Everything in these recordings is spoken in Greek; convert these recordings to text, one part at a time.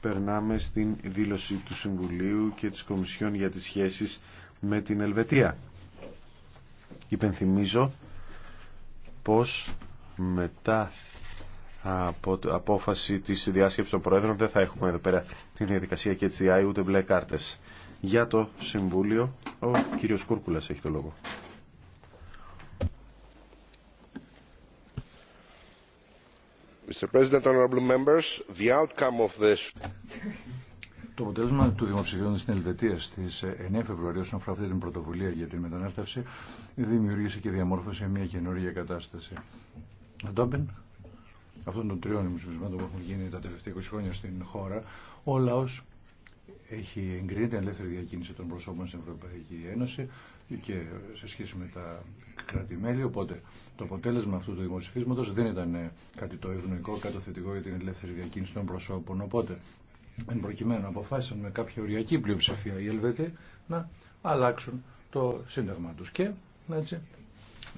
περνάμε στην δήλωση του Συμβουλίου και της Κομισιόν για τις σχέσεις με την Ελβετία. Υπενθυμίζω πως μετά από απόφαση της διάσκεψης των Προέδρων δεν θα έχουμε εδώ πέρα την διαδικασία και HDI ούτε μπλε κάρτες. Για το Συμβούλιο ο κύριος Κούρκουλας έχει το λόγο. Το αποτέλεσμα του δημοψηφίου στην Ελβετία στι 9 ε, Φεβρουαρίου, όσον αφορά αυτή την πρωτοβουλία για την μετανάστευση, δημιούργησε και διαμόρφωσε μια καινούργια κατάσταση. Αντόπιν αυτών των τριών δημοψηφισμάτων που έχουν γίνει τα τελευταία 20 χρόνια στην χώρα, ο λαό έχει εγκρίνει την ελεύθερη διακίνηση των προσώπων στην Ευρωπαϊκή Ένωση και σε σχέση με τα κρατημέλη. Οπότε το αποτέλεσμα αυτού του δημοσιοφίσματο δεν ήταν ε, κάτι το ευνοϊκό, κάτι θετικό για την ελεύθερη διακίνηση των προσώπων. Οπότε, εν προκειμένου, αποφάσισαν με κάποια οριακή πλειοψηφία οι Ελβετοί να αλλάξουν το σύνταγμα του. Και έτσι,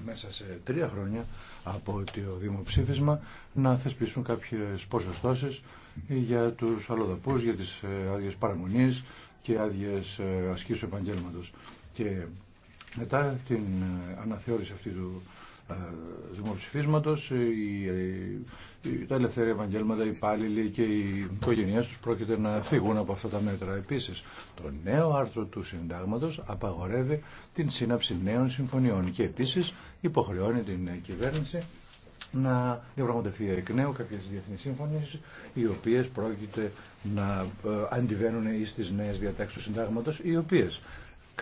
μέσα σε τρία χρόνια από το δημοψήφισμα να θεσπίσουν κάποιε ποσοστώσει για του αλλοδαπού, για τι ε, άδειε παραμονή και άδειε ασκήσεω επαγγελματο. Και μετά την ε, αναθεώρηση αυτή του ε, δημοψηφίσματος, ε, η, η, τα ελευθερία επαγγέλματα, οι υπάλληλοι και οι οικογένειές τους πρόκειται να φύγουν από αυτά τα μέτρα. Επίσης, το νέο άρθρο του συντάγματος απαγορεύει την σύναψη νέων συμφωνιών και επίσης υποχρεώνει την κυβέρνηση να διαπραγματευτεί εκ νέου κάποιες διεθνείς σύμφωνες οι οποίες πρόκειται να αντιβαίνουν ή στις νέες διατάξεις του συντάγματος οι οποίες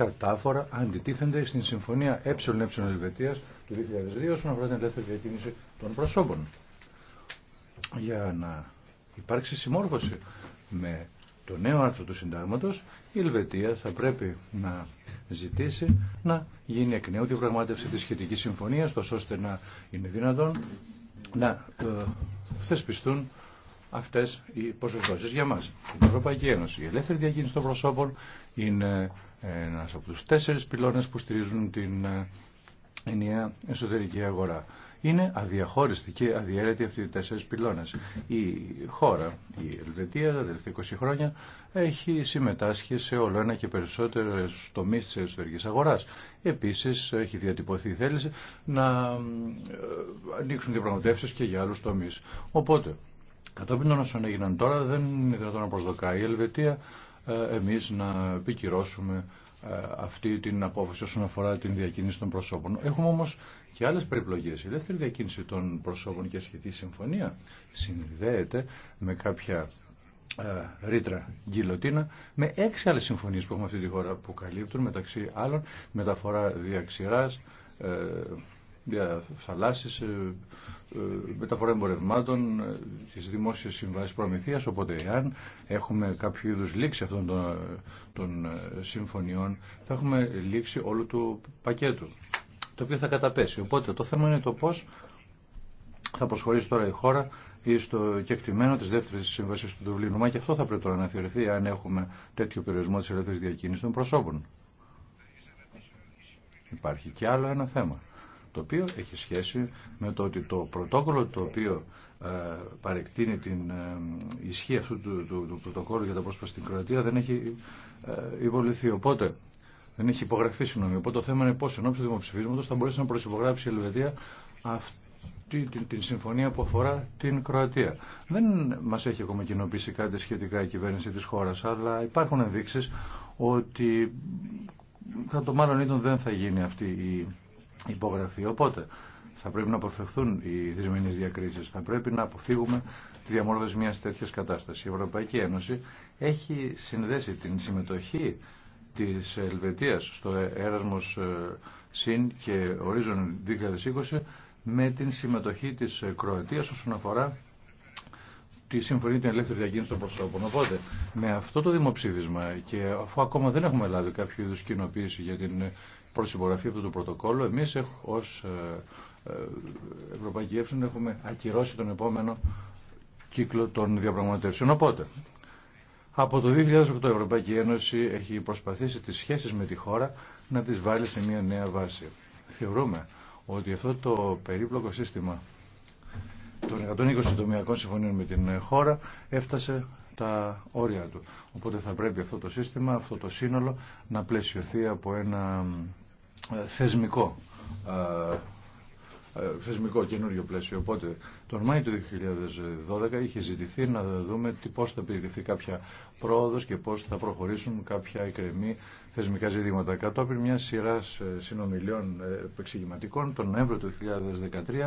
κατάφορα αντιτίθενται στην Συμφωνία ΕΕ Ελβετίας του 2002 όσον αφορά την ελεύθερη διακίνηση των προσώπων. Για να υπάρξει συμμόρφωση με το νέο άρθρο του συντάγματος, η Ελβετία θα πρέπει να ζητήσει να γίνει εκ νέου διαπραγμάτευση της σχετικής συμφωνίας, τόσο ώστε να είναι δυνατόν να ε, θεσπιστούν αυτές οι ποσοστώσεις για μας. Η Ευρωπαϊκή Ένωση, η ελεύθερη διακίνηση των προσώπων είναι ένας από τους τέσσερις πυλώνες που στηρίζουν την ε, ενιαία εσωτερική αγορά. Είναι αδιαχώριστη και αδιαίρετη αυτοί οι τέσσερις πυλώνες. Η χώρα, η Ελβετία, τα τελευταία 20 χρόνια έχει συμμετάσχει σε όλο ένα και περισσότερες τομείς της εσωτερικής αγοράς. Επίσης έχει διατυπωθεί η θέληση να ε, ανοίξουν διαπραγματεύσεις και για άλλους τομείς. Οπότε, κατόπιν των όσων έγιναν τώρα δεν είναι δυνατόν να προσδοκάει η Ελβετία ε, εμείς να επικυρώσουμε ε, αυτή την απόφαση όσον αφορά την διακίνηση των προσώπων. Έχουμε όμως και άλλες περιπλογές. Η δεύτερη διακίνηση των προσώπων και σχετική συμφωνία συνδέεται με κάποια ε, ρήτρα γκυλοτίνα με έξι άλλες συμφωνίες που έχουμε αυτή τη χώρα που καλύπτουν μεταξύ άλλων μεταφορά διαξηράς, θαλάσσης, ε, ε, μεταφορά εμπορευμάτων, ε, τις δημόσιες συμβάσεις προμηθείας, οπότε εάν έχουμε κάποιο είδους λήξη αυτών των, των συμφωνιών, θα έχουμε λήξη όλου του πακέτου, το οποίο θα καταπέσει. Οπότε το θέμα είναι το πώς θα προσχωρήσει τώρα η χώρα ή στο κεκτημένο τη δεύτερη σύμβαση του Δουβλίνου. Μα και αυτό θα πρέπει τώρα να θεωρηθεί αν έχουμε τέτοιο περιορισμό τη ελεύθερη διακίνηση των προσώπων. Υπάρχει και άλλο ένα θέμα το οποίο έχει σχέση με το ότι το πρωτόκολλο το οποίο ε, παρεκτείνει την ε, ισχύ αυτού του, του, πρωτοκόλλου για τα πρόσωπα στην Κροατία δεν έχει ε, υποβληθεί Οπότε δεν έχει υπογραφεί, συγγνώμη. Οπότε το θέμα είναι πώ εν του δημοψηφίσματο θα μπορέσει να προσυπογράψει η Ελβετία αυτή την, την συμφωνία που αφορά την Κροατία. Δεν μα έχει ακόμα κοινοποιήσει κάτι σχετικά η κυβέρνηση τη χώρα, αλλά υπάρχουν ενδείξει ότι κατά το μάλλον ήταν δεν θα γίνει αυτή η υπογραφεί. Οπότε θα πρέπει να αποφευθούν οι δυσμενείς διακρίσεις. Θα πρέπει να αποφύγουμε τη διαμόρφωση μιας τέτοιας κατάστασης. Η Ευρωπαϊκή Ένωση έχει συνδέσει την συμμετοχή της Ελβετίας στο Έρασμο ε, ΣΥΝ και ορίζον 2020 με την συμμετοχή της Κροατίας όσον αφορά τη συμφωνή την ελεύθερη διακίνηση των προσώπων. Οπότε, με αυτό το δημοψήφισμα και αφού ακόμα δεν έχουμε λάβει κάποιο είδου κοινοποίηση για την προσυμπογραφεί αυτό το πρωτοκόλλο, εμείς ως ε, ε, Ευρωπαϊκή Ένωση έχουμε ακυρώσει τον επόμενο κύκλο των διαπραγματεύσεων. Οπότε, από το 2008 η Ευρωπαϊκή Ένωση έχει προσπαθήσει τις σχέσεις με τη χώρα να τις βάλει σε μια νέα βάση. Θεωρούμε ότι αυτό το περίπλοκο σύστημα των 120 τομιακών συμφωνίων με την χώρα έφτασε τα όρια του. Οπότε θα πρέπει αυτό το σύστημα, αυτό το σύνολο να πλαισιωθεί από ένα ε, θεσμικό ε, ε, θεσμικό καινούριο πλαίσιο. Οπότε τον Μάη του 2012 είχε ζητηθεί να δούμε πώς θα περιληφθεί κάποια πρόοδος και πώς θα προχωρήσουν κάποια εκκρεμή θεσμικά ζητήματα. Κατόπιν μια σειρά ε, συνομιλιών ε, επεξηγηματικών, τον Νοέμβριο του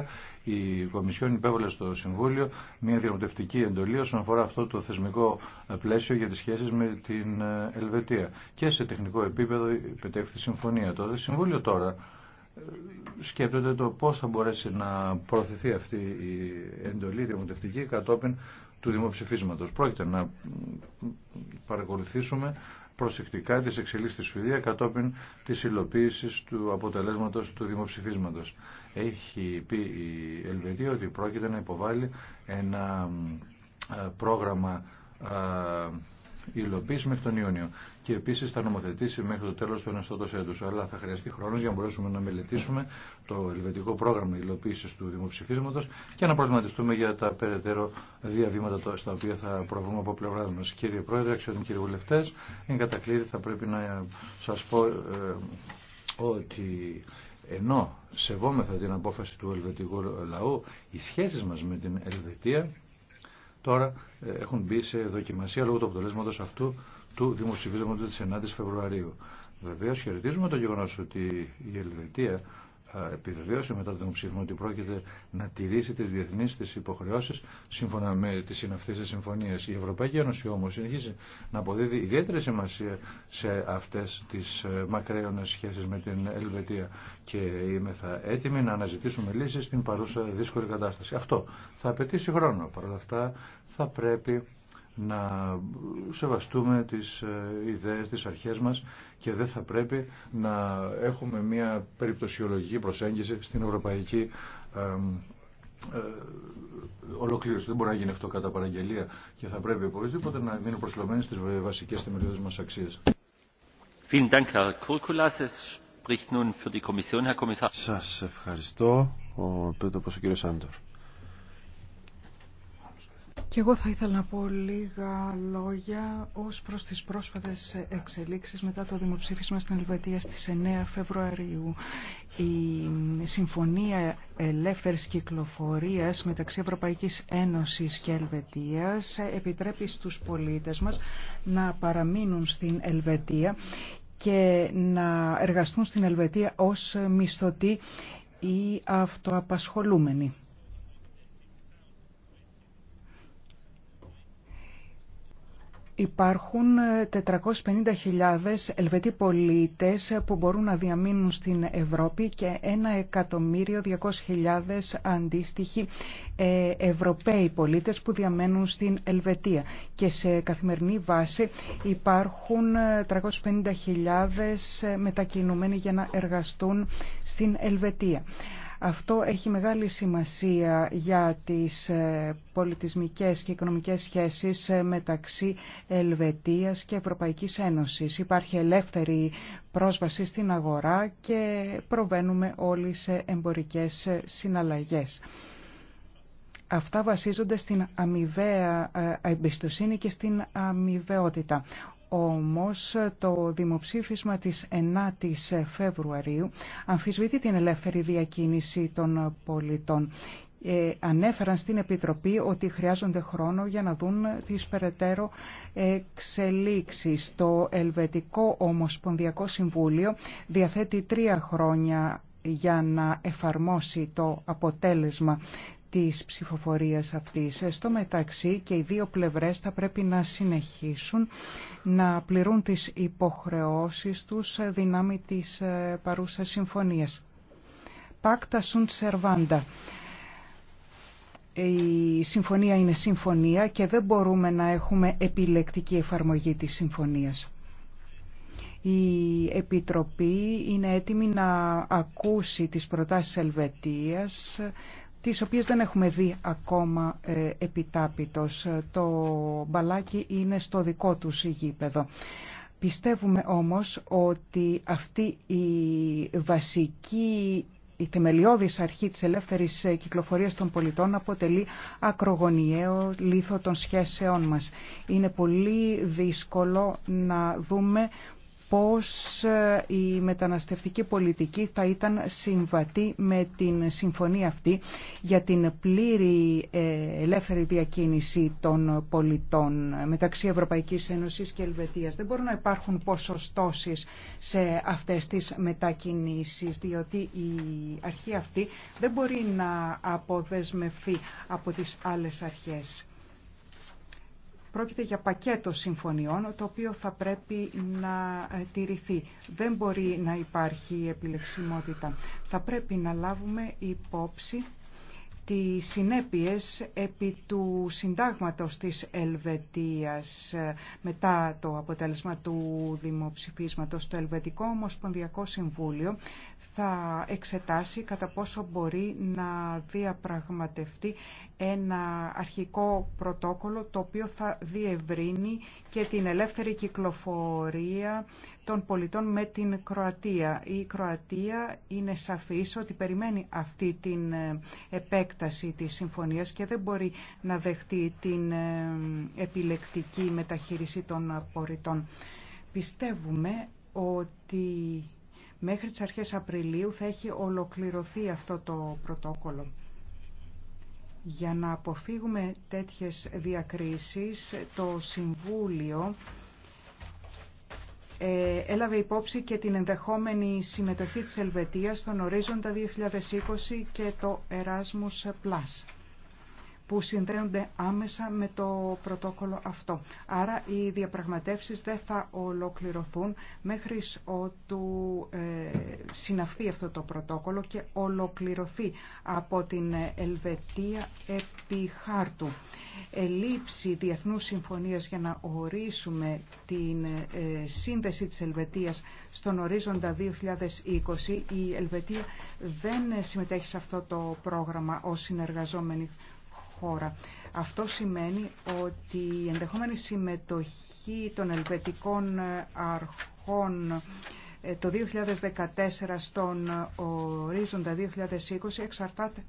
2013 η Κομισιόν υπέβαλε στο Συμβούλιο μια διαμοτευτική εντολή όσον αφορά αυτό το θεσμικό ε, πλαίσιο για τι σχέσει με την Ελβετία. Και σε τεχνικό επίπεδο υπετέχθη συμφωνία. Το Συμβούλιο τώρα σκέπτεται το πώς θα μπορέσει να προωθηθεί αυτή η εντολή διαμοντευτική κατόπιν του δημοψηφίσματος. Πρόκειται να παρακολουθήσουμε προσεκτικά τις εξελίξεις στη Σουηδία κατόπιν της υλοποίησης του αποτελέσματος του δημοψηφίσματος. Έχει πει η Ελβετία ότι πρόκειται να υποβάλει ένα ε, πρόγραμμα ε, υλοποιήσει μέχρι τον Ιούνιο. Και επίση θα νομοθετήσει μέχρι το τέλο του εναστότο έτου. Αλλά θα χρειαστεί χρόνο για να μπορέσουμε να μελετήσουμε το ελβετικό πρόγραμμα υλοποίηση του δημοψηφίσματο και να προβληματιστούμε για τα περαιτέρω διαβήματα στα οποία θα προβούμε από πλευρά μα. Κύριε Πρόεδρε, αξιότιμοι κύριοι βουλευτέ, εν κατακλείδη θα πρέπει να σα πω ε, ότι ενώ σεβόμεθα την απόφαση του ελβετικού λαού, οι σχέσει μα με την Ελβετία τώρα ε, έχουν μπει σε δοκιμασία λόγω του αποτελέσματο αυτού του δημοψηφίσματος τη 9 η Φεβρουαρίου. βεβαιω χαιρετίζουμε το γεγονο ότι η Ελβετία επιβεβαίωσε μετά τον ψηφισμό ότι πρόκειται να τηρήσει τις διεθνείς τις υποχρεώσεις σύμφωνα με τις τη συμφωνίες. Η Ευρωπαϊκή Ένωση όμω συνεχίζει να αποδίδει ιδιαίτερη σημασία σε αυτές τις ε, μακραίωνε σχέσεις με την Ελβετία και είμαι θα έτοιμοι να αναζητήσουμε λύσεις στην παρούσα δύσκολη κατάσταση. Αυτό θα απαιτήσει χρόνο. Παρ' όλα αυτά θα πρέπει να σεβαστούμε τις ε, ιδέες, τις αρχές μας και δεν θα πρέπει να έχουμε μια περιπτωσιολογική προσέγγιση στην ευρωπαϊκή ε, ολοκλήρωση. Δεν μπορεί να γίνει αυτό κατά παραγγελία και θα πρέπει οπωσδήποτε να μείνει προσλωμένοι στις βασικές θεμελιώδες μας αξίες. Σας ευχαριστώ, ο πρώτος ο κύριος Σάντορ. Και εγώ θα ήθελα να πω λίγα λόγια ως προς τις πρόσφατες εξελίξεις μετά το δημοψήφισμα στην Ελβετία στις 9 Φεβρουαρίου. Η Συμφωνία Ελεύθερης Κυκλοφορίας μεταξύ Ευρωπαϊκής Ένωσης και Ελβετίας επιτρέπει στους πολίτες μας να παραμείνουν στην Ελβετία και να εργαστούν στην Ελβετία ως μισθωτοί ή αυτοαπασχολούμενοι. Υπάρχουν 450.000 ε, Ελβετοί πολίτες που μπορούν να διαμείνουν στην Ευρώπη και 1.200.000 αντίστοιχοι ε, Ευρωπαίοι πολίτες που διαμένουν στην Ελβετία. Και σε καθημερινή βάση υπάρχουν 350.000 ε, μετακινούμενοι για να εργαστούν στην Ελβετία. Αυτό έχει μεγάλη σημασία για τις ε, πολιτισμικές και οικονομικές σχέσεις ε, μεταξύ Ελβετίας και Ευρωπαϊκής Ένωσης. Υπάρχει ελεύθερη πρόσβαση στην αγορά και προβαίνουμε όλοι σε εμπορικές ε, συναλλαγές. Αυτά βασίζονται στην αμοιβαία εμπιστοσύνη και στην αμοιβαιότητα. Όμως το δημοψήφισμα της 9ης Φεβρουαρίου αμφισβητεί την ελεύθερη διακίνηση των πολιτών. Ε, ανέφεραν στην Επιτροπή ότι χρειάζονται χρόνο για να δουν τις περαιτέρω εξελίξεις. Το Ελβετικό Ομοσπονδιακό Συμβούλιο διαθέτει τρία χρόνια για να εφαρμόσει το αποτέλεσμα της ψηφοφορίας αυτής. Ε, στο μεταξύ και οι δύο πλευρές θα πρέπει να συνεχίσουν να πληρούν τις υποχρεώσεις τους δυνάμει της ε, παρούσας συμφωνίας. Πάκτα σουν σερβάντα. Η συμφωνία είναι συμφωνία και δεν μπορούμε να έχουμε επιλεκτική εφαρμογή της συμφωνίας. Η Επιτροπή είναι έτοιμη να ακούσει τις προτάσεις Ελβετίας τις οποίες δεν έχουμε δει ακόμα ε, επιτάπητος. Το μπαλάκι είναι στο δικό τους γήπεδο. Πιστεύουμε όμως ότι αυτή η βασική η θεμελιώδης αρχή της ελεύθερης κυκλοφορίας των πολιτών αποτελεί ακρογωνιαίο λίθο των σχέσεών μας. Είναι πολύ δύσκολο να δούμε πώς ε, η μεταναστευτική πολιτική θα ήταν συμβατή με την συμφωνία αυτή για την πλήρη ε, ελεύθερη διακίνηση των πολιτών μεταξύ Ευρωπαϊκής Ένωσης και Ελβετίας. Δεν μπορούν να υπάρχουν ποσοστώσεις σε αυτές τις μετακινήσεις, διότι η αρχή αυτή δεν μπορεί να αποδεσμευθεί από τις άλλες αρχές. Πρόκειται για πακέτο συμφωνιών το οποίο θα πρέπει να ε, τηρηθεί. Δεν μπορεί να υπάρχει επιλεξιμότητα. Θα πρέπει να λάβουμε υπόψη τις συνέπειες επί του συντάγματος της Ελβετίας ε, μετά το αποτέλεσμα του δημοψηφίσματος. Το Ελβετικό Ομοσπονδιακό Συμβούλιο θα εξετάσει κατά πόσο μπορεί να διαπραγματευτεί ένα αρχικό πρωτόκολλο το οποίο θα διευρύνει και την ελεύθερη κυκλοφορία των πολιτών με την Κροατία. Η Κροατία είναι σαφής ότι περιμένει αυτή την ε, επέκταση Τη της συμφωνίας και δεν μπορεί να δεχτεί την ε, επιλεκτική μεταχείριση των απορριτών. Πιστεύουμε ότι μέχρι τις αρχές Απριλίου θα έχει ολοκληρωθεί αυτό το πρωτόκολλο. Για να αποφύγουμε τέτοιες διακρίσεις, το Συμβούλιο ε, έλαβε υπόψη και την ενδεχόμενη συμμετοχή της Ελβετίας στον ορίζοντα 2020 και το Erasmus που συνδέονται άμεσα με το πρωτόκολλο αυτό. Άρα οι διαπραγματεύσεις δεν θα ολοκληρωθούν μέχρι ότου ε, συναυθεί αυτό το πρωτόκολλο και ολοκληρωθεί από την Ελβετία επί χάρτου. Ελήψη Διεθνούς Συμφωνίας για να ορίσουμε την ε, σύνδεση της Ελβετίας στον ορίζοντα 2020. Η Ελβετία δεν συμμετέχει σε αυτό το πρόγραμμα ως συνεργαζόμενη αυτό σημαίνει ότι η ενδεχόμενη συμμετοχή των ελβετικών ε, αρχών ε, το 2014 στον ε, ορίζοντα 2020 εξαρτάται.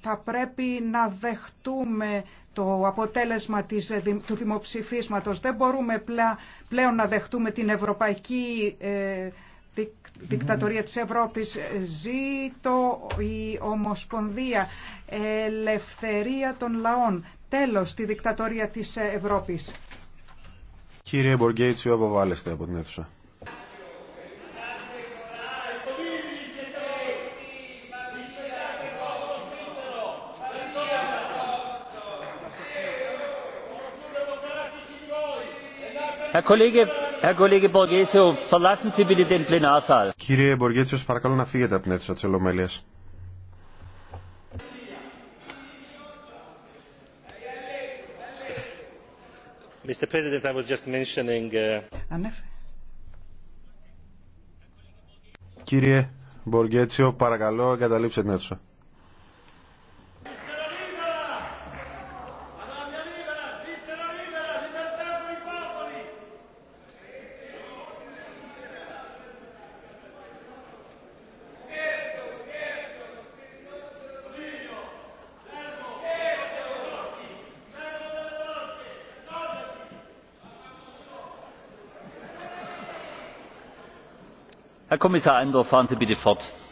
Θα πρέπει να δεχτούμε το αποτέλεσμα της, του δημοψηφίσματος. Δεν μπορούμε πλέον να δεχτούμε την ευρωπαϊκή δικτατορία της Ευρώπης. Ζήτω η Ομοσπονδία, ελευθερία των λαών. Τέλος τη δικτατορία της Ευρώπης. Κύριε Μποργκέιτσιο, αποβάλλεστε από την αίθουσα. Κύριε Μποργέτσιο, παρακαλώ να φύγετε από την αίθουσα τη Ολομέλεια. Uh, Κύριε Μποργέτσιο, παρακαλώ εγκαταλείψτε την αίθουσα.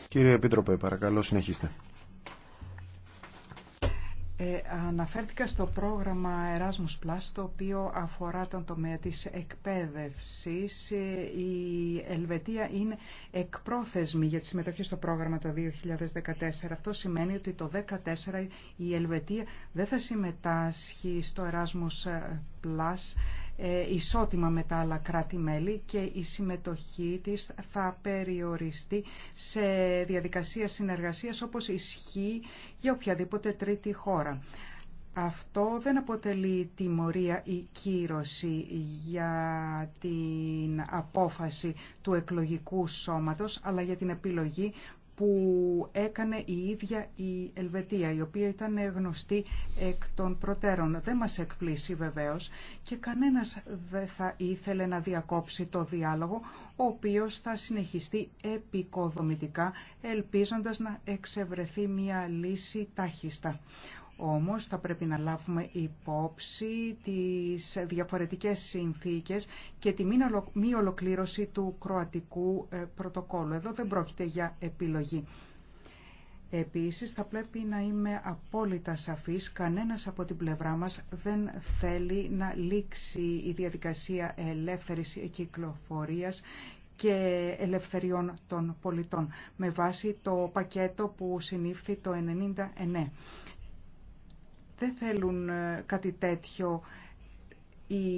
Κύριε Επίτροπε, παρακαλώ συνεχίστε. Ε, αναφέρθηκα στο πρόγραμμα Erasmus Plus, το οποίο αφορά τον τομέα της εκπαίδευσης. Ε, η Ελβετία είναι εκπρόθεσμη για τη συμμετοχή στο πρόγραμμα το 2014. Αυτό σημαίνει ότι το 2014 η Ελβετία δεν θα συμμετάσχει στο Erasmus Plus ε, ισότιμα με τα άλλα κράτη-μέλη και η συμμετοχή της θα περιοριστεί σε διαδικασία συνεργασίας όπως ισχύει για οποιαδήποτε τρίτη χώρα. Αυτό δεν αποτελεί τιμωρία ή κύρωση για την απόφαση του εκλογικού σώματος, αλλά για την επιλογή που έκανε η ίδια η Ελβετία, η οποία ήταν γνωστή εκ των προτέρων. Δεν μας εκπλήσει βεβαίως και κανένας δεν θα ήθελε να διακόψει το διάλογο, ο οποίος θα συνεχιστεί επικοδομητικά, ελπίζοντας να εξευρεθεί μια λύση τάχιστα. Όμως θα πρέπει να λάβουμε υπόψη τις διαφορετικές συνθήκες και τη μη ολοκλήρωση του Κροατικού ε, πρωτοκόλλου. Εδώ δεν πρόκειται για επιλογή. Επίσης θα πρέπει να είμαι απόλυτα σαφής, κανένας από την πλευρά μας δεν θέλει να λήξει η διαδικασία ελεύθερης κυκλοφορίας και ελευθεριών των πολιτών με βάση το πακέτο που συνήφθη το 1999 δεν θέλουν ε, κάτι τέτοιο οι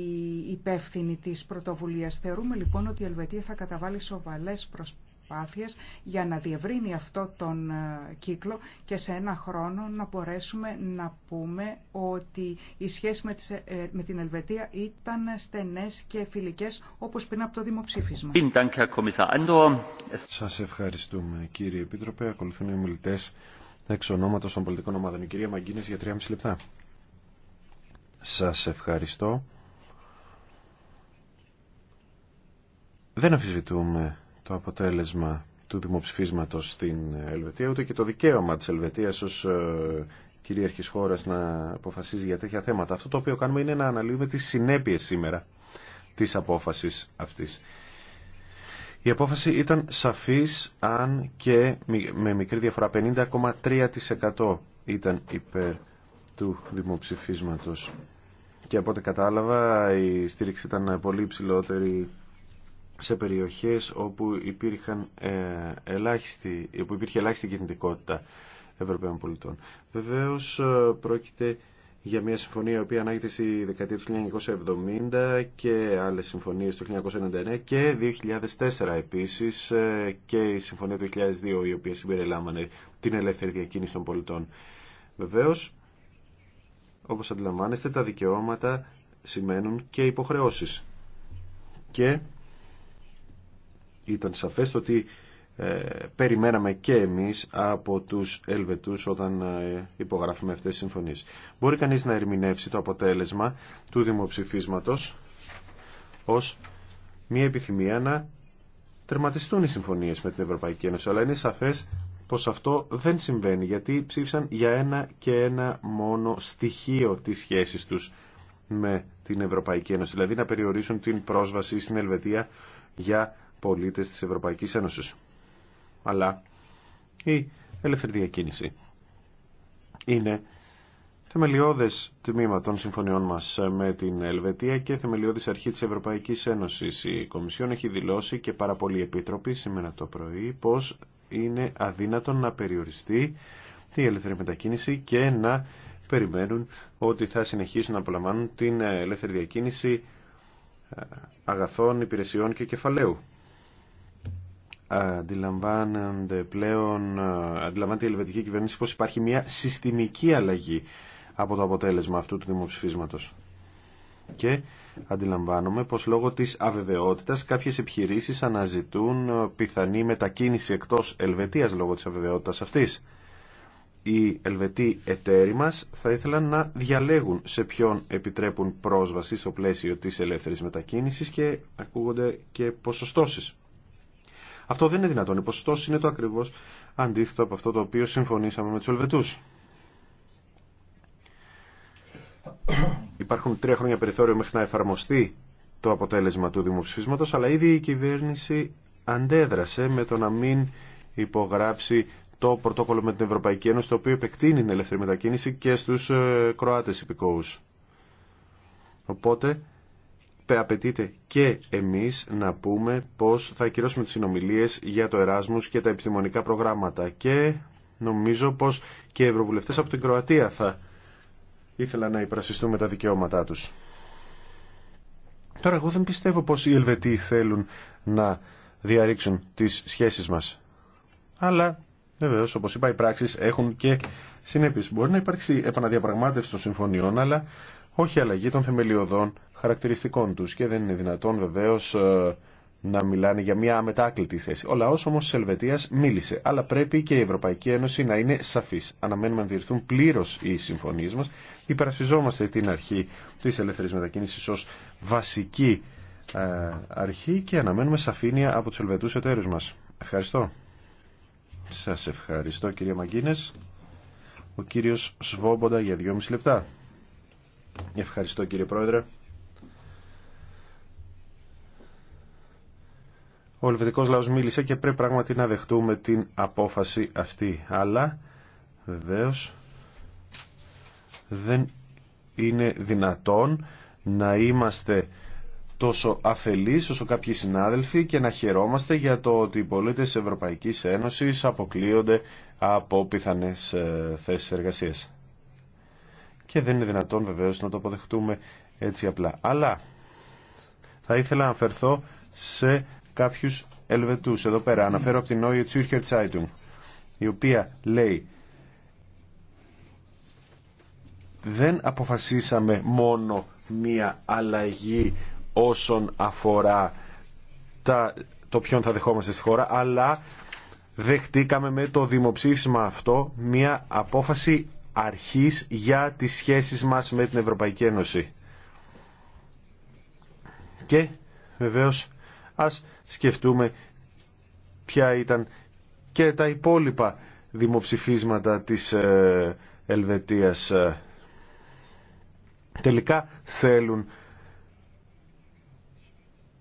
υπεύθυνοι της πρωτοβουλίας. Θεωρούμε λοιπόν ότι η Ελβετία θα καταβάλει σοβαλές προσπάθειες για να διευρύνει αυτό τον ε, κύκλο και σε ένα χρόνο να μπορέσουμε να πούμε ότι η σχέση με ε, την Ελβετία ήταν στενές και φιλικές όπως πριν από το δημοψήφισμα. Σα ευχαριστούμε κύριε Επίτροπε. Ακολουθούν οι εξ ονόματος των πολιτικών ομάδων. Η κυρία Μαγκίνε για 3,5 λεπτά. Σας ευχαριστώ. Δεν αμφισβητούμε το αποτέλεσμα του δημοψηφίσματος στην Ελβετία, ούτε και το δικαίωμα της Ελβετίας ως ε, κυρίαρχης χώρα να αποφασίζει για τέτοια θέματα. Αυτό το οποίο κάνουμε είναι να αναλύουμε τις συνέπειες σήμερα τη απόφαση αυτή. Η απόφαση ήταν σαφής αν και με μικρή διαφορά 50,3% ήταν υπέρ του δημοψηφίσματος. Και από ό,τι κατάλαβα η στήριξη ήταν πολύ υψηλότερη σε περιοχές όπου, υπήρχαν, ε, ελάχιστη, όπου υπήρχε ελάχιστη κινητικότητα Ευρωπαίων πολιτών. Βεβαίως ε, πρόκειται για μια συμφωνία η οποία ανάγεται στη δεκαετία του 1970 και άλλες συμφωνίες του 1999 και 2004 επίσης ε, και η συμφωνία του 2002 η οποία συμπεριλάμβανε την ελεύθερη διακίνηση των πολιτών. Βεβαίως, όπως αντιλαμβάνεστε, τα δικαιώματα σημαίνουν και υποχρεώσεις. Και ήταν σαφές ότι ε, περιμέναμε και εμείς από τους Ελβετούς όταν ε, υπογράφουμε αυτές τις συμφωνίες. Μπορεί κανείς να ερμηνεύσει το αποτέλεσμα του δημοψηφίσματος ως μια επιθυμία να τερματιστούν οι συμφωνίες με την Ευρωπαϊκή Ένωση, αλλά είναι σαφές πως αυτό δεν συμβαίνει, γιατί ψήφισαν για ένα και ένα μόνο στοιχείο της σχέσης τους με την Ευρωπαϊκή Ένωση, δηλαδή να περιορίσουν την πρόσβαση στην Ελβετία για πολίτες της Ευρωπαϊκής Ένωσης αλλά η ελεύθερη διακίνηση είναι θεμελιώδες τμήμα των συμφωνιών μας με την Ελβετία και θεμελιώδης αρχή της Ευρωπαϊκής Ένωσης. Η Κομισιόν έχει δηλώσει και πάρα πολλοί επίτροποι σήμερα το πρωί πως είναι αδύνατον να περιοριστεί η ελεύθερη μετακίνηση και να περιμένουν ότι θα συνεχίσουν να απολαμβάνουν την ελεύθερη διακίνηση ε, αγαθών, υπηρεσιών και κεφαλαίου αντιλαμβάνονται πλέον, ε, αντιλαμβάνεται η ελβετική κυβέρνηση πως υπάρχει μια συστημική αλλαγή από το αποτέλεσμα αυτού του δημοψηφίσματος. Και αντιλαμβάνομαι πως λόγω της αβεβαιότητας κάποιες επιχειρήσεις αναζητούν ε, πιθανή μετακίνηση εκτός Ελβετίας λόγω της αβεβαιότητας αυτής. Οι Ελβετοί εταίροι μας θα ήθελαν να διαλέγουν σε ποιον επιτρέπουν πρόσβαση στο πλαίσιο της ελεύθερης μετακίνησης και ακούγονται και ποσοστώσεις. Αυτό δεν είναι δυνατόν. Οι ποσοστό είναι το ακριβώς αντίθετο από αυτό το οποίο συμφωνήσαμε με τους Ελβετού. Υπάρχουν τρία χρόνια περιθώριο μέχρι να εφαρμοστεί το αποτέλεσμα του δημοψηφίσματος, αλλά ήδη η κυβέρνηση αντέδρασε με το να μην υπογράψει το πρωτόκολλο με την Ευρωπαϊκή Ένωση, το οποίο επεκτείνει την ελεύθερη μετακίνηση και στους ε, κροάτε υπηκόου. Οπότε απαιτείται και εμείς να πούμε πώς θα ακυρώσουμε τις συνομιλίες για το Εράσμους και τα επιστημονικά προγράμματα και νομίζω πως και οι ευρωβουλευτές από την Κροατία θα ήθελαν να υπρασπιστούμε τα δικαιώματά τους. Τώρα εγώ δεν πιστεύω πως οι Ελβετοί θέλουν να διαρρήξουν τις σχέσεις μας. Αλλά βεβαίω, όπως είπα οι πράξεις έχουν και συνέπειες. Μπορεί να υπάρξει επαναδιαπραγμάτευση των συμφωνιών αλλά όχι αλλαγή των θεμελιωδών χαρακτηριστικών του και δεν είναι δυνατόν βεβαίως ε, να μιλάνε για μια αμετάκλητη θέση. Ο λαό όμως τη Ελβετία μίλησε, αλλά πρέπει και η Ευρωπαϊκή Ένωση να είναι σαφή, Αναμένουμε να διερθούν πλήρω οι συμφωνίε μα. Υπερασπιζόμαστε την αρχή τη ελεύθερη μετακίνηση ω βασική ε, αρχή και αναμένουμε σαφήνεια από του Ελβετού εταίρου μα. Ευχαριστώ. Σα ευχαριστώ κύριε Μαγκίνε. Ο κύριος Σβόμποντα για δυόμιση λεπτά. Ευχαριστώ κύριε Πρόεδρε. Ο ελβετικός λαός μίλησε και πρέπει πράγματι να δεχτούμε την απόφαση αυτή. Αλλά βεβαίως δεν είναι δυνατόν να είμαστε τόσο αφελείς όσο κάποιοι συνάδελφοι και να χαιρόμαστε για το ότι οι πολίτες της Ευρωπαϊκής Ένωσης αποκλείονται από πιθανές ε, θέσεις εργασίας και δεν είναι δυνατόν βεβαίως να το αποδεχτούμε έτσι απλά. Αλλά θα ήθελα να αναφερθώ σε κάποιους Ελβετούς εδώ πέρα. Αναφέρω από την Neue Zürcher Zeitung, η οποία λέει δεν αποφασίσαμε μόνο μία αλλαγή όσον αφορά τα, το ποιον θα δεχόμαστε στη χώρα, αλλά δεχτήκαμε με το δημοψήφισμα αυτό μία απόφαση αρχής για τις σχέσεις μας με την Ευρωπαϊκή Ένωση. Και βεβαίως ας σκεφτούμε ποια ήταν και τα υπόλοιπα δημοψηφίσματα της ε, Ελβετίας. Ε, τελικά θέλουν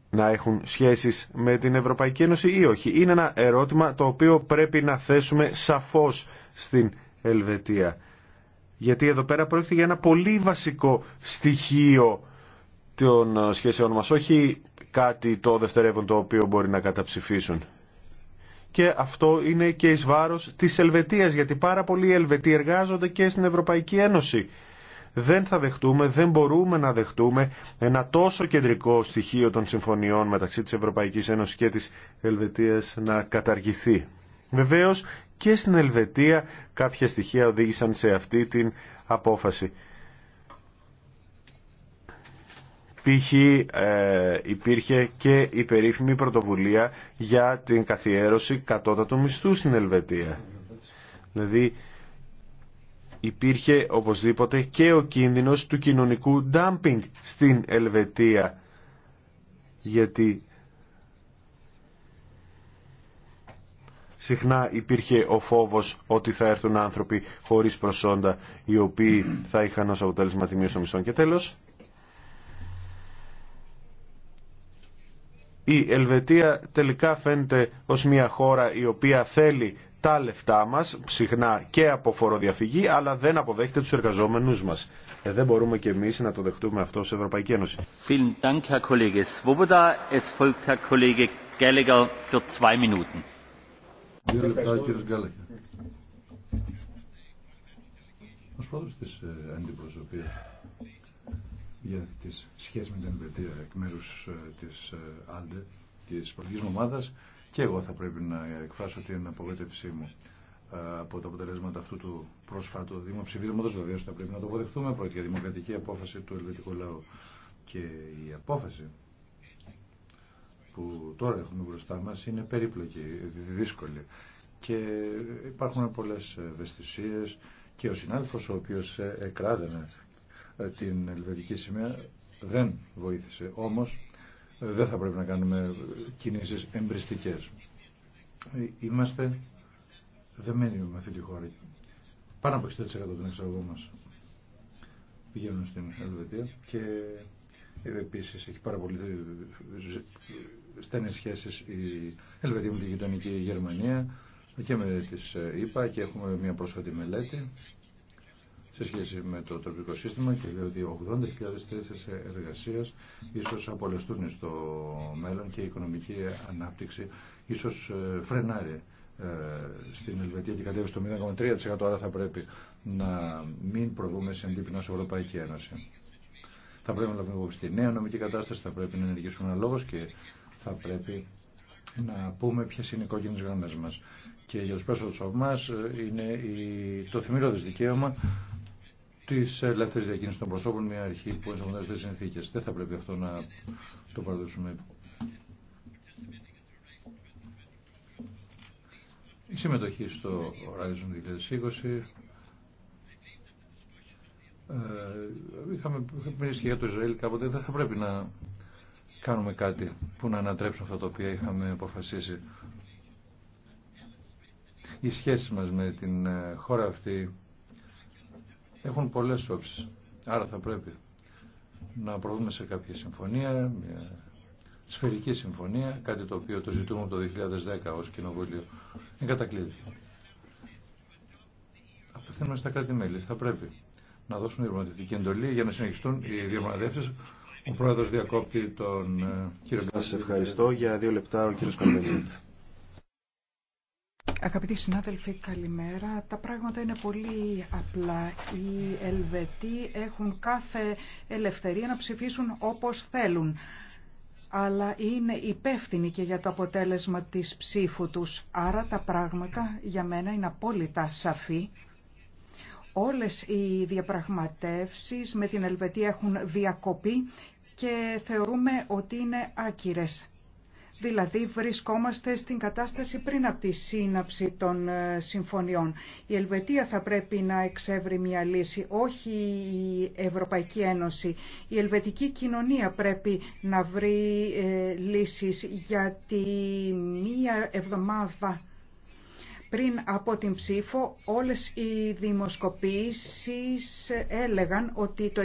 να έχουν σχέσεις με την Ευρωπαϊκή Ένωση ή όχι. Είναι ένα ερώτημα το οποίο πρέπει να θέσουμε σαφώς στην Ελβετία γιατί εδώ πέρα πρόκειται για ένα πολύ βασικό στοιχείο των ε, σχέσεων μας, όχι κάτι το δευτερεύον το οποίο μπορεί να καταψηφίσουν. Και αυτό είναι και εις βάρος της Ελβετίας, γιατί πάρα πολλοί Ελβετοί εργάζονται και στην Ευρωπαϊκή Ένωση. Δεν θα δεχτούμε, δεν μπορούμε να δεχτούμε ένα τόσο κεντρικό στοιχείο των συμφωνιών μεταξύ της Ευρωπαϊκής Ένωσης και της Ελβετίας να καταργηθεί. Βεβαίως και στην Ελβετία κάποια στοιχεία οδήγησαν σε αυτή την απόφαση. Π.χ. Ε, υπήρχε και η περίφημη πρωτοβουλία για την καθιέρωση κατώτατου μισθού στην Ελβετία. Δηλαδή υπήρχε οπωσδήποτε και ο κίνδυνος του κοινωνικού ντάμπινγκ στην Ελβετία. Γιατί συχνά υπήρχε ο φόβος ότι θα έρθουν άνθρωποι χωρίς προσόντα οι οποίοι θα είχαν ως αποτέλεσμα τη μείωση των μισθών. Και τέλος, η Ελβετία τελικά φαίνεται ως μια χώρα η οποία θέλει τα λεφτά μας, συχνά και από φοροδιαφυγή, αλλά δεν αποδέχεται τους εργαζόμενους μας. Ε, δεν μπορούμε και εμείς να το δεχτούμε αυτό σε Ευρωπαϊκή Ένωση. Δύο λεπτά ο κύριος Γκάλαχερ. Ως ναι. πρόεδρος της ε, αντιπροσωπείας για τις σχέσεις με την Ελβετία εκ μέρους ε, της ΑΛΤΕ, ε, της πολιτικής ομάδας και εγώ θα πρέπει να εκφράσω την απογοήτευσή μου ε, από τα αποτελέσματα αυτού του πρόσφατου δημοψηφίσματος, βεβαίω θα πρέπει να το αποδεχτούμε, πρόκειται για δημοκρατική απόφαση του ελβετικού λαού. Και η απόφαση που τώρα έχουμε μπροστά μας είναι περίπλοκη, δύσκολη και υπάρχουν πολλές ευαισθησίες και ο συνάδελφος ο οποίος ε, εκράδενε ε, την ελβετική σημαία δεν βοήθησε. Όμως ε, δεν θα πρέπει να κάνουμε κινήσεις εμπριστικές. Είμαστε δεμένοι με αυτή τη χώρα. Πάνω από 60% των εξαγωγών μας πηγαίνουν στην Ελβετία και επίσης έχει πάρα πολύ στενές σχέσεις η Ελβετία με τη γειτονική Γερμανία και με τις ε, ΗΠΑ και έχουμε μια πρόσφατη μελέτη σε σχέση με το τροπικό σύστημα και λέει ότι 80.000 θέσεις εργασίας ίσως απολεστούν στο μέλλον και η οικονομική ανάπτυξη ίσως ε, φρενάρει ε, στην Ελβετία και κατέβει στο 0,3% άρα θα πρέπει να μην προβούμε σε αντίπεινα σε Ευρωπαϊκή Ένωση. Θα πρέπει να λάβουμε υπόψη τη νέα νομική κατάσταση, θα πρέπει να ενεργήσουμε αναλόγω και θα πρέπει να πούμε ποιες είναι οι κόκκινες γραμμές μας. Και για τους πρόσφατους από εμάς είναι το θεμελιώδες δικαίωμα τη ελεύθερη διακίνηση των προσώπων, μια αρχή που ενσωματώνεται στις συνθήκε. Δεν θα πρέπει αυτό να το παραδώσουμε. Η συμμετοχή στο Horizon 2020. Ε, είχαμε μιλήσει και για το Ισραήλ κάποτε. Δεν θα πρέπει να κάνουμε κάτι που να ανατρέψουμε αυτά τα οποία είχαμε αποφασίσει. Οι σχέσεις μας με την ε, χώρα αυτή έχουν πολλές όψεις. Άρα θα πρέπει να προβούμε σε κάποια συμφωνία, μια σφαιρική συμφωνία, κάτι το οποίο το ζητούμε από το 2010 ως Κοινοβούλιο. Είναι κατακλείδη. Απευθύνουμε στα κράτη-μέλη. Θα πρέπει να δώσουν διαπραγματευτική εντολή για να συνεχιστούν οι διαπραγματεύσεις ο πρόεδρος διακόπτει τον ε, κύριο Σας ευχαριστώ. Για δύο λεπτά ο κύριος Κολμπελίτ. Αγαπητοί συνάδελφοι, καλημέρα. Τα πράγματα είναι πολύ απλά. Οι Ελβετοί έχουν κάθε ελευθερία να ψηφίσουν όπως θέλουν αλλά είναι υπεύθυνοι και για το αποτέλεσμα της ψήφου τους. Άρα τα πράγματα για μένα είναι απόλυτα σαφή Όλες οι διαπραγματεύσεις με την Ελβετία έχουν διακοπεί και θεωρούμε ότι είναι άκυρες. Δηλαδή βρισκόμαστε στην κατάσταση πριν από τη σύναψη των ε, συμφωνιών. Η Ελβετία θα πρέπει να εξεύρει μια λύση, όχι η Ευρωπαϊκή Ένωση. Η ελβετική κοινωνία πρέπει να βρει ε, λύσεις γιατί μία εβδομάδα πριν από την ψήφο όλες οι δημοσκοπήσεις έλεγαν ότι το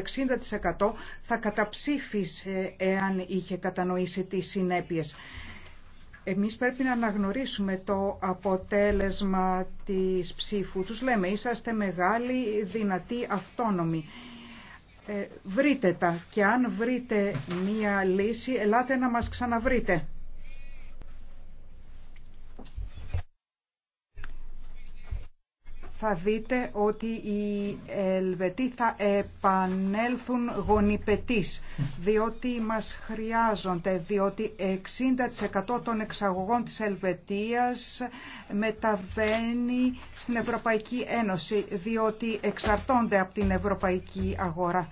60% θα καταψήφισε εάν είχε κατανοήσει τις συνέπειες. Εμείς πρέπει να αναγνωρίσουμε το αποτέλεσμα της ψήφου. Τους λέμε, είσαστε μεγάλοι, δυνατοί, αυτόνομοι. Ε, βρείτε τα και αν βρείτε μία λύση, ελάτε να μας ξαναβρείτε. θα δείτε ότι οι Ελβετοί θα επανέλθουν γονιπετής, διότι μας χρειάζονται, διότι 60% των εξαγωγών της Ελβετίας μεταβαίνει στην Ευρωπαϊκή Ένωση, διότι εξαρτώνται από την Ευρωπαϊκή Αγορά.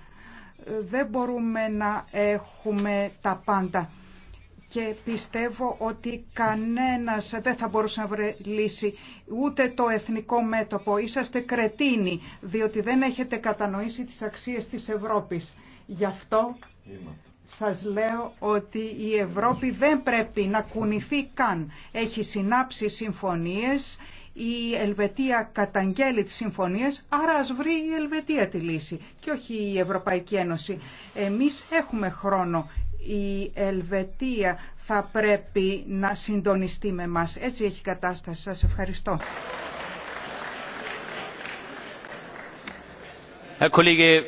Δεν μπορούμε να έχουμε τα πάντα και πιστεύω ότι κανένας δεν θα μπορούσε να βρει λύση, ούτε το εθνικό μέτωπο. Είσαστε κρετίνοι, διότι δεν έχετε κατανοήσει τις αξίες της Ευρώπης. Γι' αυτό σας λέω ότι η Ευρώπη δεν πρέπει να κουνηθεί καν. Έχει συνάψει συμφωνίες, η Ελβετία καταγγέλει τις συμφωνίες, άρα ας βρει η Ελβετία τη λύση και όχι η Ευρωπαϊκή Ένωση. Εμείς έχουμε χρόνο η Ελβετία θα πρέπει να συντονιστεί με μας. Έτσι έχει η κατάσταση. Σας ευχαριστώ. Κύριε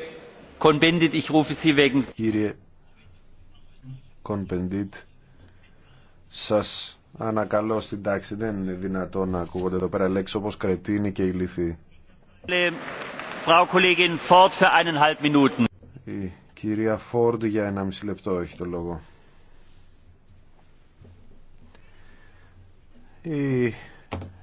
Κονπεντίτ, σας ανακαλώ στην τάξη. Δεν είναι δυνατό να ακούγονται εδώ πέρα λέξεις όπως κρετίνη και ηλίθη. Η Κυρία Φόρντ για μισή λεπτό έχει το λόγο. Η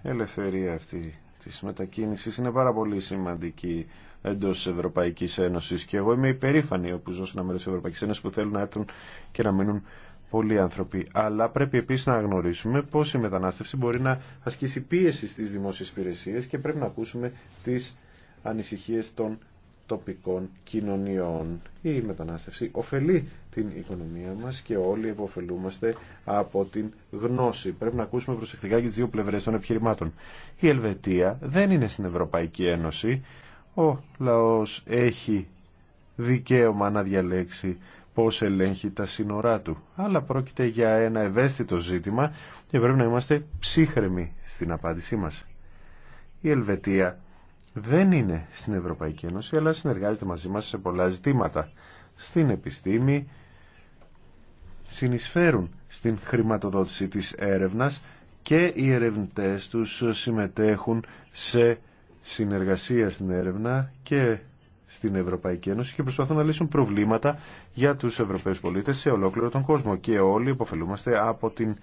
ελευθερία αυτή της μετακίνησης είναι πάρα πολύ σημαντική εντός της Ευρωπαϊκής Ένωσης και εγώ είμαι υπερήφανη όπου ζω στην της Ευρωπαϊκής Ένωσης που θέλουν να έρθουν και να μείνουν πολλοί άνθρωποι. Αλλά πρέπει επίσης να γνωρίσουμε πώς η μετανάστευση μπορεί να ασκήσει πίεση στις δημόσιες υπηρεσίες και πρέπει να ακούσουμε τις ανησυχίες των τοπικών κοινωνιών. Η μετανάστευση ωφελεί την οικονομία μας και όλοι επωφελούμαστε από την γνώση. Πρέπει να ακούσουμε προσεκτικά και τις δύο πλευρές των επιχειρημάτων. Η Ελβετία δεν είναι στην Ευρωπαϊκή Ένωση. Ο λαός έχει δικαίωμα να διαλέξει πώς ελέγχει τα σύνορά του. Αλλά πρόκειται για ένα ευαίσθητο ζήτημα και πρέπει να είμαστε ψύχρεμοι στην απάντησή μας. Η Ελβετία δεν είναι στην Ευρωπαϊκή Ένωση, αλλά συνεργάζεται μαζί μας σε πολλά ζητήματα. Στην επιστήμη συνεισφέρουν στην χρηματοδότηση της έρευνας και οι ερευνητές τους συμμετέχουν σε συνεργασία στην έρευνα και στην Ευρωπαϊκή Ένωση και προσπαθούν να λύσουν προβλήματα για τους Ευρωπαίους πολίτες σε ολόκληρο τον κόσμο και όλοι υποφελούμαστε από την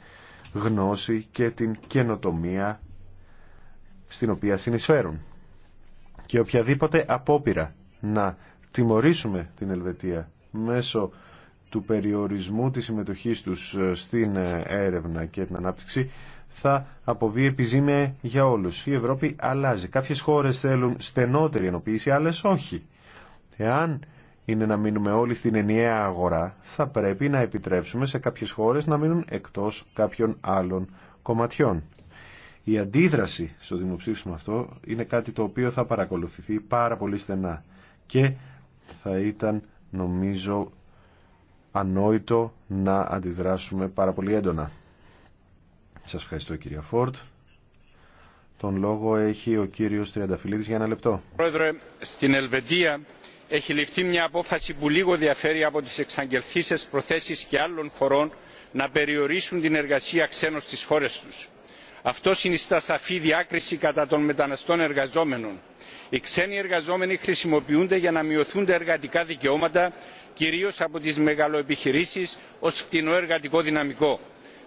γνώση και την καινοτομία στην οποία συνεισφέρουν και οποιαδήποτε απόπειρα να τιμωρήσουμε την Ελβετία μέσω του περιορισμού της συμμετοχής τους ε, στην ε, έρευνα και την ανάπτυξη θα αποβεί επιζήμια για όλους. Η Ευρώπη αλλάζει. Κάποιες χώρες θέλουν στενότερη ενοποίηση, άλλες όχι. Εάν είναι να μείνουμε όλοι στην ενιαία αγορά, θα πρέπει να επιτρέψουμε σε κάποιες χώρες να μείνουν εκτός κάποιων άλλων κομματιών. Η αντίδραση στο δημοψήφισμα αυτό είναι κάτι το οποίο θα παρακολουθηθεί πάρα πολύ στενά και θα ήταν νομίζω ανόητο να αντιδράσουμε πάρα πολύ έντονα. Σας ευχαριστώ κύριε Φόρτ. Τον λόγο έχει ο κύριος Τριανταφυλλίδης για ένα λεπτό. Πρόεδρε, στην Ελβετία έχει ληφθεί μια απόφαση που λίγο διαφέρει από τις εξαγγελθήσεις προθέσεις και άλλων χωρών να περιορίσουν την εργασία ξένων στις χώρες τους αυτό συνιστά σαφή διάκριση κατά των μεταναστών εργαζόμενων. οι ξένοι εργαζόμενοι χρησιμοποιούνται για να μειωθούν τα εργατικά δικαιώματα κυρίω από τι μεγαλοεπιχειρήσεις ω φτηνό εργατικό δυναμικό.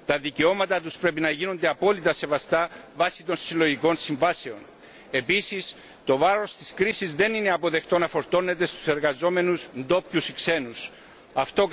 τα δικαιώματα του πρέπει να γίνονται απόλυτα σεβαστά βάσει των συλλογικών συμβάσεων. Επίση, το βάρο τη κρίση δεν είναι αποδεκτό να φορτώνεται στου εργαζόμενου ντόπιου ή ξένου. αυτό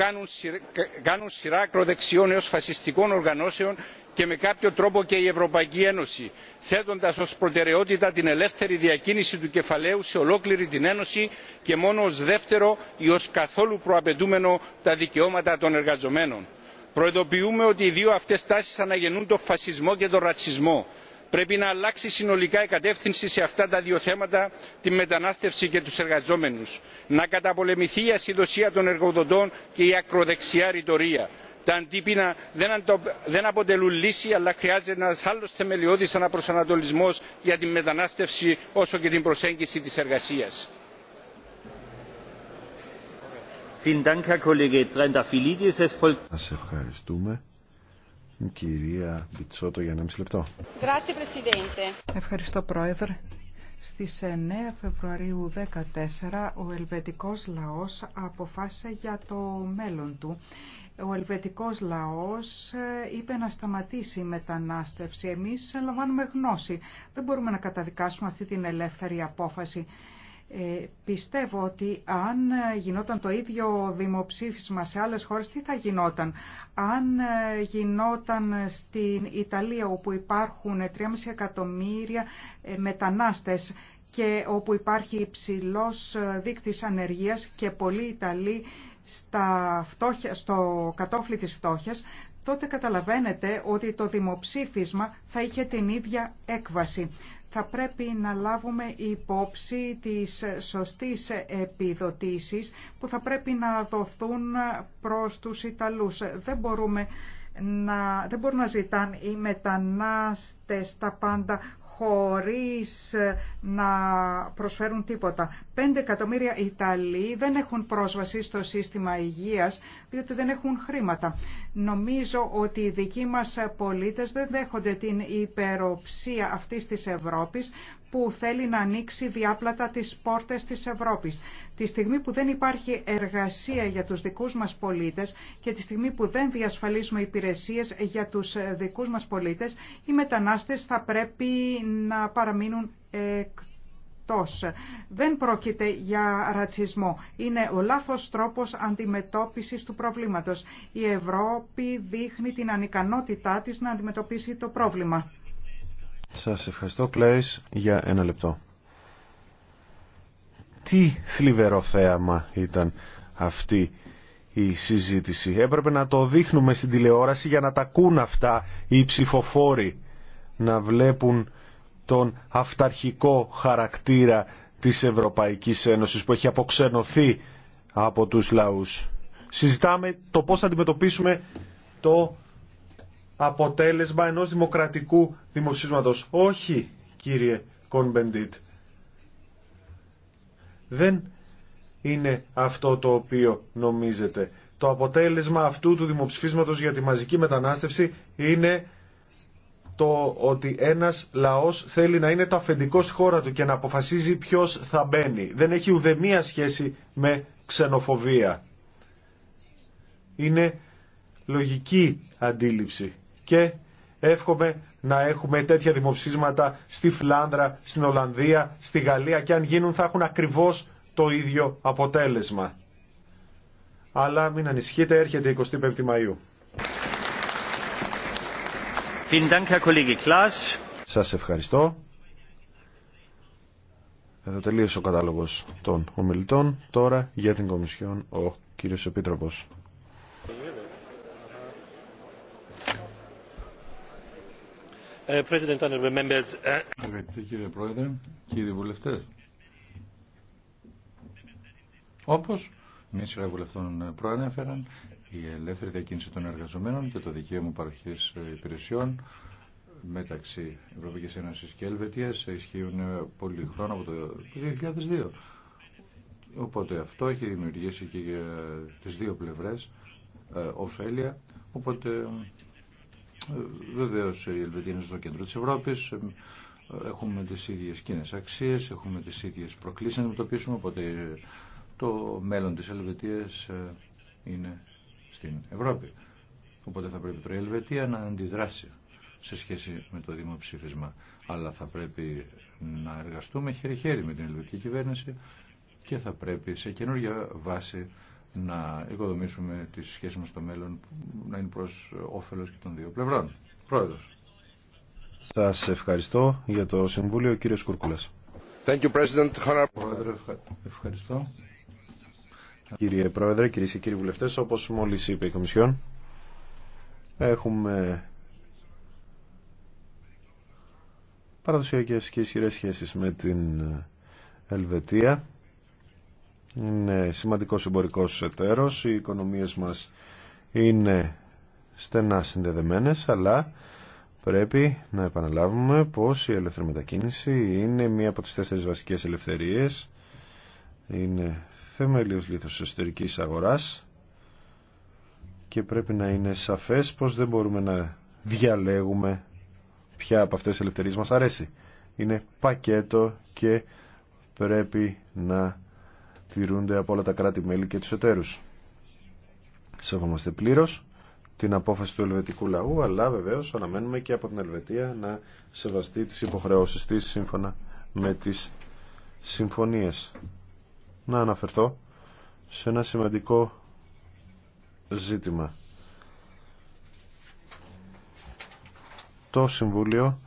κάνουν σειρά ακροδεξιών έω φασιστικών οργανώσεων και με κάποιο τρόπο και η ευρωπαϊκή ένωση θέτοντας ως προτεραιότητα την ελεύθερη διακίνηση του κεφαλαίου σε ολόκληρη την ένωση και μόνο ως δεύτερο ή ως καθόλου προαπαιτούμενο τα δικαιώματα των εργαζομένων. προειδοποιούμε ότι οι δύο αυτές τάσεις αναγεννούν τον φασισμό και τον ρατσισμό. πρέπει να αλλάξει συνολικά η κατεύθυνση σε αυτά τα δύο θέματα τη μετανάστευση και τους εργαζόμενους να καταπολεμηθεί η ασυδοσία των εργοδοτών και η ακροδεξιά ρητορία τα αντίπεινα δεν αποτελούν λύση αλλά χρειάζεται ένα άλλο θεμελιώδης αναπροσανατολισμό για τη μετανάστευση όσο και την προσέγγιση τη εργασία. Στις 9 Φεβρουαρίου 14 ο ελβετικός λαός αποφάσισε για το μέλλον του. Ο ελβετικός λαός ε, είπε να σταματήσει η μετανάστευση. Εμείς λαμβάνουμε γνώση. Δεν μπορούμε να καταδικάσουμε αυτή την ελεύθερη απόφαση. Ε, πιστεύω ότι αν γινόταν το ίδιο δημοψήφισμα σε άλλες χώρες, τι θα γινόταν. Αν ε, γινόταν στην Ιταλία όπου υπάρχουν 3,5 εκατομμύρια ε, μετανάστες και όπου υπάρχει υψηλός ε, δείκτης ανεργίας και πολλοί Ιταλοί στα στο κατόφλι της φτώχειας, τότε καταλαβαίνετε ότι το δημοψήφισμα θα είχε την ίδια έκβαση θα πρέπει να λάβουμε υπόψη τις σωστής επιδοτήσεις που θα πρέπει να δοθούν προς τους Ιταλούς. Δεν μπορούμε να, δεν μπορούν να ζητάνε οι μετανάστες τα πάντα χωρίς ε, να προσφέρουν τίποτα. 5 εκατομμύρια Ιταλοί δεν έχουν πρόσβαση στο σύστημα υγείας διότι δεν έχουν χρήματα. Νομίζω ότι οι δικοί μας πολίτες δεν δέχονται την υπεροψία αυτής της Ευρώπης που θέλει να ανοίξει διάπλατα τις πόρτες της Ευρώπης. Τη στιγμή που δεν υπάρχει εργασία για τους δικούς μας πολίτες και τη στιγμή που δεν διασφαλίζουμε υπηρεσίες για τους ε, δικούς μας πολίτες, οι μετανάστες θα πρέπει να παραμείνουν εκτός. Δεν πρόκειται για ρατσισμό. Είναι ο λάθος τρόπος αντιμετώπισης του προβλήματος. Η Ευρώπη δείχνει την ανικανότητά της να αντιμετωπίσει το πρόβλημα. Σας ευχαριστώ, Κλέρις, για ένα λεπτό. Τι θλιβερό θέαμα ήταν αυτή η συζήτηση. Έπρεπε να το δείχνουμε στην τηλεόραση για να τα ακούν αυτά οι ψηφοφόροι. Να βλέπουν τον αυταρχικό χαρακτήρα της Ευρωπαϊκής Ένωσης που έχει αποξενωθεί από τους λαούς. Συζητάμε το πώς θα αντιμετωπίσουμε το αποτέλεσμα ενός δημοκρατικού δημοψήφισματος. Όχι, κύριε Κονμπεντίτ. Δεν είναι αυτό το οποίο νομίζετε. Το αποτέλεσμα αυτού του δημοψηφίσματος για τη μαζική μετανάστευση είναι το ότι ένας λαός θέλει να είναι το αφεντικό στη χώρα του και να αποφασίζει ποιος θα μπαίνει. Δεν έχει ουδεμία σχέση με ξενοφοβία. Είναι λογική αντίληψη και εύχομαι να έχουμε τέτοια δημοψίσματα στη Φλάνδρα, στην Ολλανδία, στη Γαλλία και αν γίνουν θα έχουν ακριβώς το ίδιο αποτέλεσμα. Αλλά μην ανησυχείτε, έρχεται η 25η Μαΐου. Σας ευχαριστώ. Εδώ τελείωσε ο κατάλογος των ομιλητών. Τώρα για την Κομισιόν ο κύριος Επίτροπος. Ε, ε. κύριε Πρόεδρε, κύριοι βουλευτέ. Όπω μια σειρά βουλευτών ε, προανέφεραν, η ελεύθερη διακίνηση των εργαζομένων και το δικαίωμα παροχή υπηρεσιών μεταξύ Ευρωπαϊκή Ένωση και Ελβετία ισχύουν πολύ χρόνο από το 2002. Οπότε αυτό έχει δημιουργήσει και για τις δύο πλευρές ωφέλεια, οπότε ε, Βεβαίω, η Ελβετία είναι στο κέντρο τη Ευρώπη ε, έχουμε τι ίδιε κοινέ αξίε, έχουμε τι ίδιε προκλήσει να αντιμετωπίσουμε, οπότε το μέλλον της Ελβετία ε, είναι στην Ευρώπη. Οπότε θα πρέπει η Ελβετία να αντιδράσει σε σχέση με το δημοψήφισμα. Αλλά θα πρέπει να εργαστούμε χέρι-χέρι με την Ελβετική κυβέρνηση και θα πρέπει σε καινούργια βάση να οικοδομήσουμε τις σχέσεις μας στο μέλλον να είναι προς όφελος και των δύο πλευρών. Πρόεδρος. Σας ευχαριστώ για το Συμβούλιο, κύριε Σκουρκούλας. Thank you, President. Πρόεδρε, ευχαριστώ. Κύριε Πρόεδρε, κυρίε και κύριοι βουλευτές, όπως μόλις είπε η Κομισιόν, έχουμε παραδοσιακές και ισχυρές σχέσεις με την Ελβετία είναι σημαντικός εμπορικός εταίρος, οι οικονομίες μας είναι στενά συνδεδεμένες, αλλά πρέπει να επαναλάβουμε πως η ελεύθερη μετακίνηση είναι μία από τις τέσσερις βασικές ελευθερίες, είναι θεμελίος λίθος εσωτερικής αγοράς και πρέπει να είναι σαφές πως δεν μπορούμε να διαλέγουμε ποια από αυτές τις ελευθερίες μας αρέσει. Είναι πακέτο και πρέπει να τηρούνται από όλα τα κράτη-μέλη και τους εταίρους. Σεβόμαστε πλήρω. την απόφαση του ελβετικού λαού, αλλά βεβαίως αναμένουμε και από την Ελβετία να σεβαστεί τις υποχρεώσεις της σύμφωνα με τις συμφωνίες. Να αναφερθώ σε ένα σημαντικό ζήτημα. Το Συμβούλιο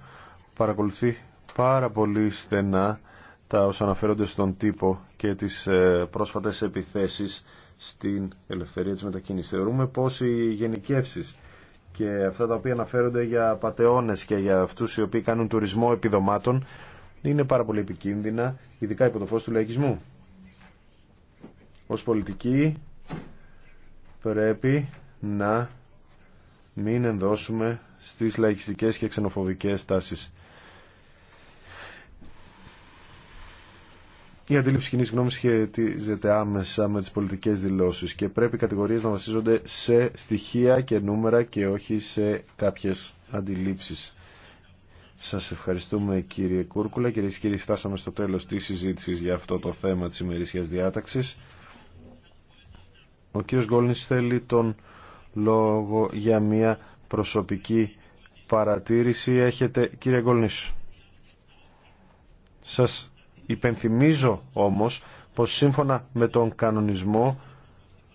παρακολουθεί πάρα πολύ στενά τα όσα αναφέρονται στον τύπο και τις ε, πρόσφατες επιθέσεις στην ελευθερία της μετακίνησης. Θεωρούμε πως οι γενικεύσεις και αυτά τα οποία αναφέρονται για πατεώνες και για αυτούς οι οποίοι κάνουν τουρισμό επιδομάτων είναι πάρα πολύ επικίνδυνα, ειδικά υπό το φως του λαϊκισμού. Ως πολιτικοί πρέπει να μην ενδώσουμε στις λαϊκιστικές και ξενοφοβικές τάσεις. Η αντίληψη κοινή γνώμη σχετίζεται άμεσα με τι πολιτικέ δηλώσει και πρέπει οι κατηγορίε να βασίζονται σε στοιχεία και νούμερα και όχι σε κάποιε αντιλήψει. Σα ευχαριστούμε κύριε Κούρκουλα. Κυρίε και κύριοι, φτάσαμε στο τέλο τη συζήτηση για αυτό το θέμα τη ημερήσια διάταξη. Ο κύριος Γκόλνη θέλει τον λόγο για μια προσωπική παρατήρηση. Έχετε, κύριε Γκολνή. σας Υπενθυμίζω όμως πως σύμφωνα με τον κανονισμό